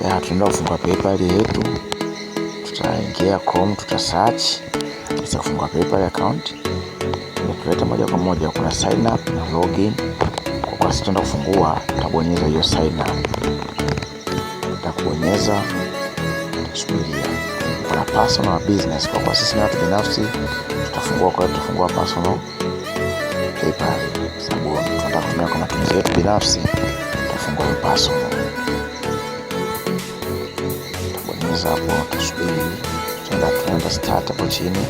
ya tunaenda kufungua PayPal yetu, tutaingia com, tuta search kisha kufungua PayPal account, imetuleta moja kwa moja, kuna sign up na login. Kwa kwa sisi tunaenda kufungua, tutabonyeza hiyo sign up, tutakubonyeza tusubiria kuna personal na business. Kwa kwa sisi ni watu binafsi, tutafungua kwa tutafungua personal PayPal, sababu tunataka kutumia kwa matumizi yetu binafsi, tutafungua personal hapo akasubiri, tutaenda tunaenda start hapo chini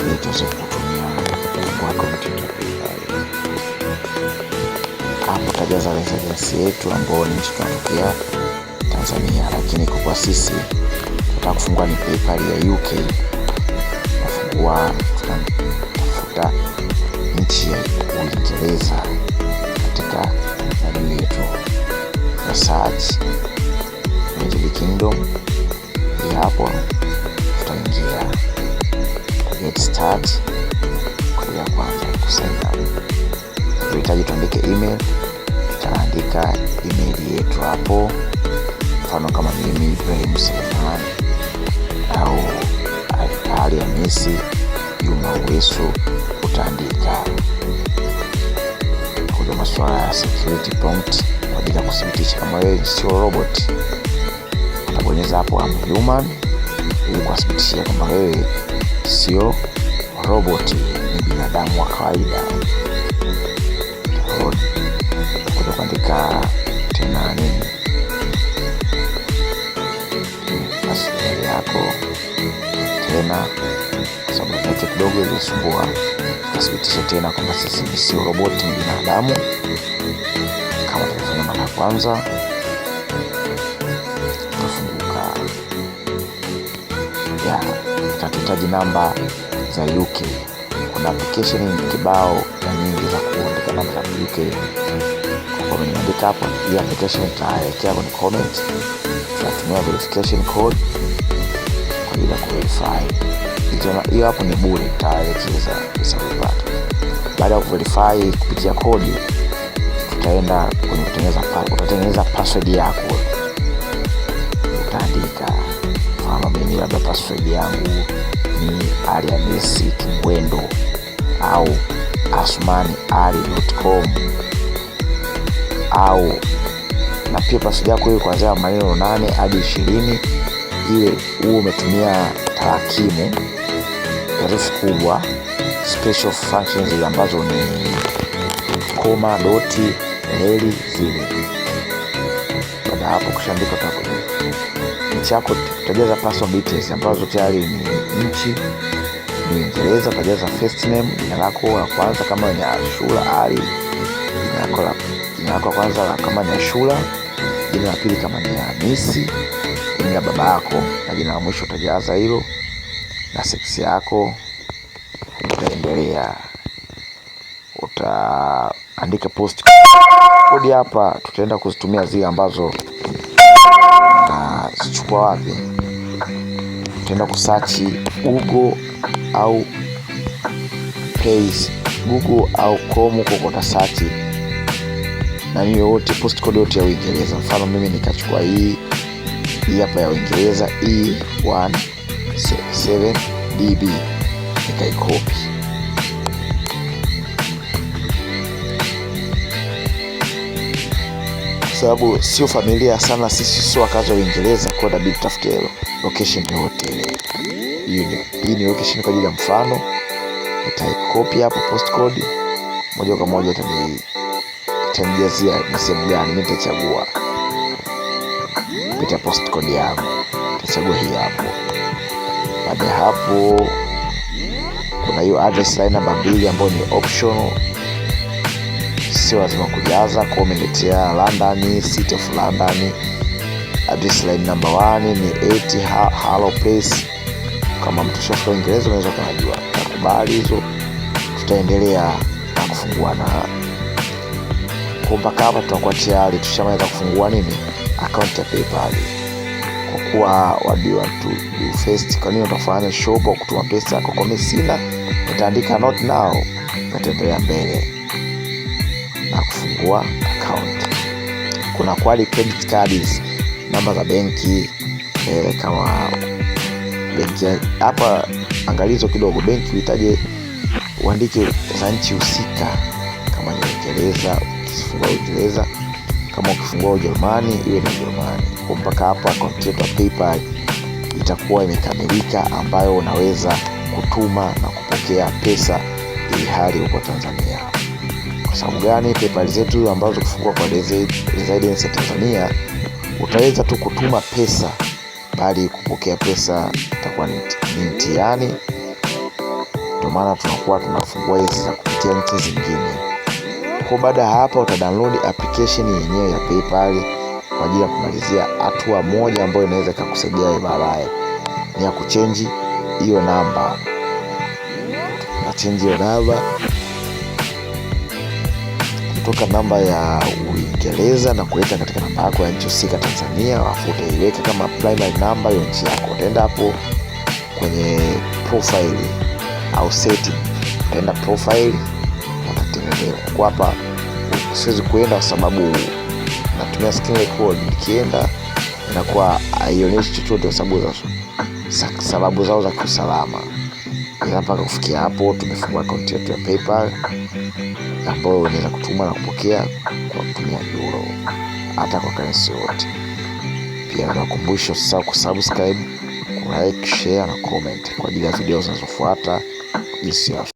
ili tuweze kutumia hapo. Tajaza residence yetu ambayo ni nchi tunatokea Tanzania, lakini kwa sisi tunataka kufungua ni PayPal ya UK, nafungua tutafuta nchi ya Uingereza katika nani yetu ya search Kingdom hapo tutaingia get start kwa ya kwanza kusenda. Tunahitaji tuandike email, tutaandika email yetu hapo, mfano kama mimi Ibrahim Selemani au Ali Hamisi Juma Uwesu, utaandika kuja masuala ya security prompt kwa ajili ya kuthibitisha kama wewe sio robot utabonyeza hapo I'm human ili kuwathibitishia kwamba wewe sio roboti, ni binadamu wa kawaida. Utakuja kuandika tena nini password yako tena, kwa sababu naita kidogo ilisumbua, tuthibitisha tena kwamba sisi sio roboti, ni binadamu kama tulivyofanya mara ya kwanza. ya tutahitaji namba za UK. Kuna application kibao na nyingi za kuandika namba za UK, kwa nimeandika hapo hii application tutawekea kwenye comment, tutatumia verification code kwa ajili ya kuverify hiyo hapo ni bure, tutaelekeza pesa Baada ya kuverify kupitia kodi, tutaenda kwenye kutengeneza, utatengeneza password yako, utaandika mfano mimi labda password yangu ni alihamisi kimwendo au asmani ali.com au na pia password yako hiyo kuanzia maneno nane hadi ishirini iwe huo umetumia tarakimu herufi kubwa special functions ambazo ni koma doti leli zile. Baada hapo kushandika takuii account yako utajaza personal details ambazo tayari ni nchi, ni Uingereza, utajaza first name, jina lako la kwanza kama ni Ashura Ali, jina lako la kwanza kama ni Ashura, jina la pili kama ni Hamisi, jina la baba yako na jina la mwisho utajaza hilo na sex yako. Utaendelea, utaandika post kodi hapa, tutaenda kuzitumia zile ambazo kwa wapi? Utaenda kusearch Google au Plays, Google au com, huko search na hiyo yote post code yote ya Uingereza. Mfano mimi nikachukua hii hii hapa ya Uingereza E1 7DB nikaikopi sababu sio familia sana sisi, sio wakazi wa Uingereza, kwa inabidi tutafute location yote ile. Hii ni location kwa ajili ya mfano, nitaikopi hapo postcode moja kwa moja itanijazia ni sehemu gani. Mimi nitachagua kupitia postcode yangu, nitachagua hii hapo. Baada ya hapo, kuna hiyo address line namba mbili ambayo ni optional sio lazima kujaza kwa Umeletea London, City of London, address line number 1 ni 8 Harlow Place. Kama mtu shafika Uingereza unaweza kujua, Nakubali hizo, tutaendelea na kufungua na mpaka hapa. Tutakuwa tayari tushamaliza kufungua nini, akaunti ya PayPal kwa kuwa first. Kwa nini utafanya shopo kutuma pesa Kwa mimi sina, nitaandika not now, nitaendelea mbele na kufungua account. Kuna kwali credit cards, namba za benki eh, kama benki hapa, angalizo kidogo, benki uhitaje uandike za nchi husika, kama ni Uingereza, ukifungua Uingereza, kama ukifungua Ujerumani iwe na Ujerumani. mpaka hapa akaunti yetu itakuwa imekamilika, ambayo unaweza kutuma na kupokea pesa ili hali huko Tanzania. Kwa sababu gani? PayPal zetu ambazo kufungua kwa residence ya Tanzania utaweza tu kutuma pesa, bali kupokea pesa itakuwa ni mtiani Ndio maana tunakuwa tunafungua hizi za kupitia nchi zingine. Kwa baada ya hapa, uta download application yenyewe ya PayPal kwa ajili ya kumalizia hatua moja ambayo inaweza ikakusaidia baadaye, ni ya kuchenji hiyo namba, chenji hiyo namba kutoka namba ya Uingereza na kuweka katika namba yako ya nchi husika Tanzania, alafu utaiweka kama primary namba ya nchi yako. Utaenda hapo kwenye profile au setting, utaenda profile, utatengeneza kwa hapa. Siwezi kuenda kwa sababu natumia screen record, nikienda inakuwa haionyeshi chochote kwa sababu za sababu zao za kiusalama. Mpaka kufikia hapo, tumefungua akaunti yetu ya PayPal ambayo ni kutuma na kupokea kwa kutumia euro hata kwa currency yote. Pia nakukumbusha usisahau kusubscribe, kulike, share na comment kwa ajili ya video zinazofuata jinsi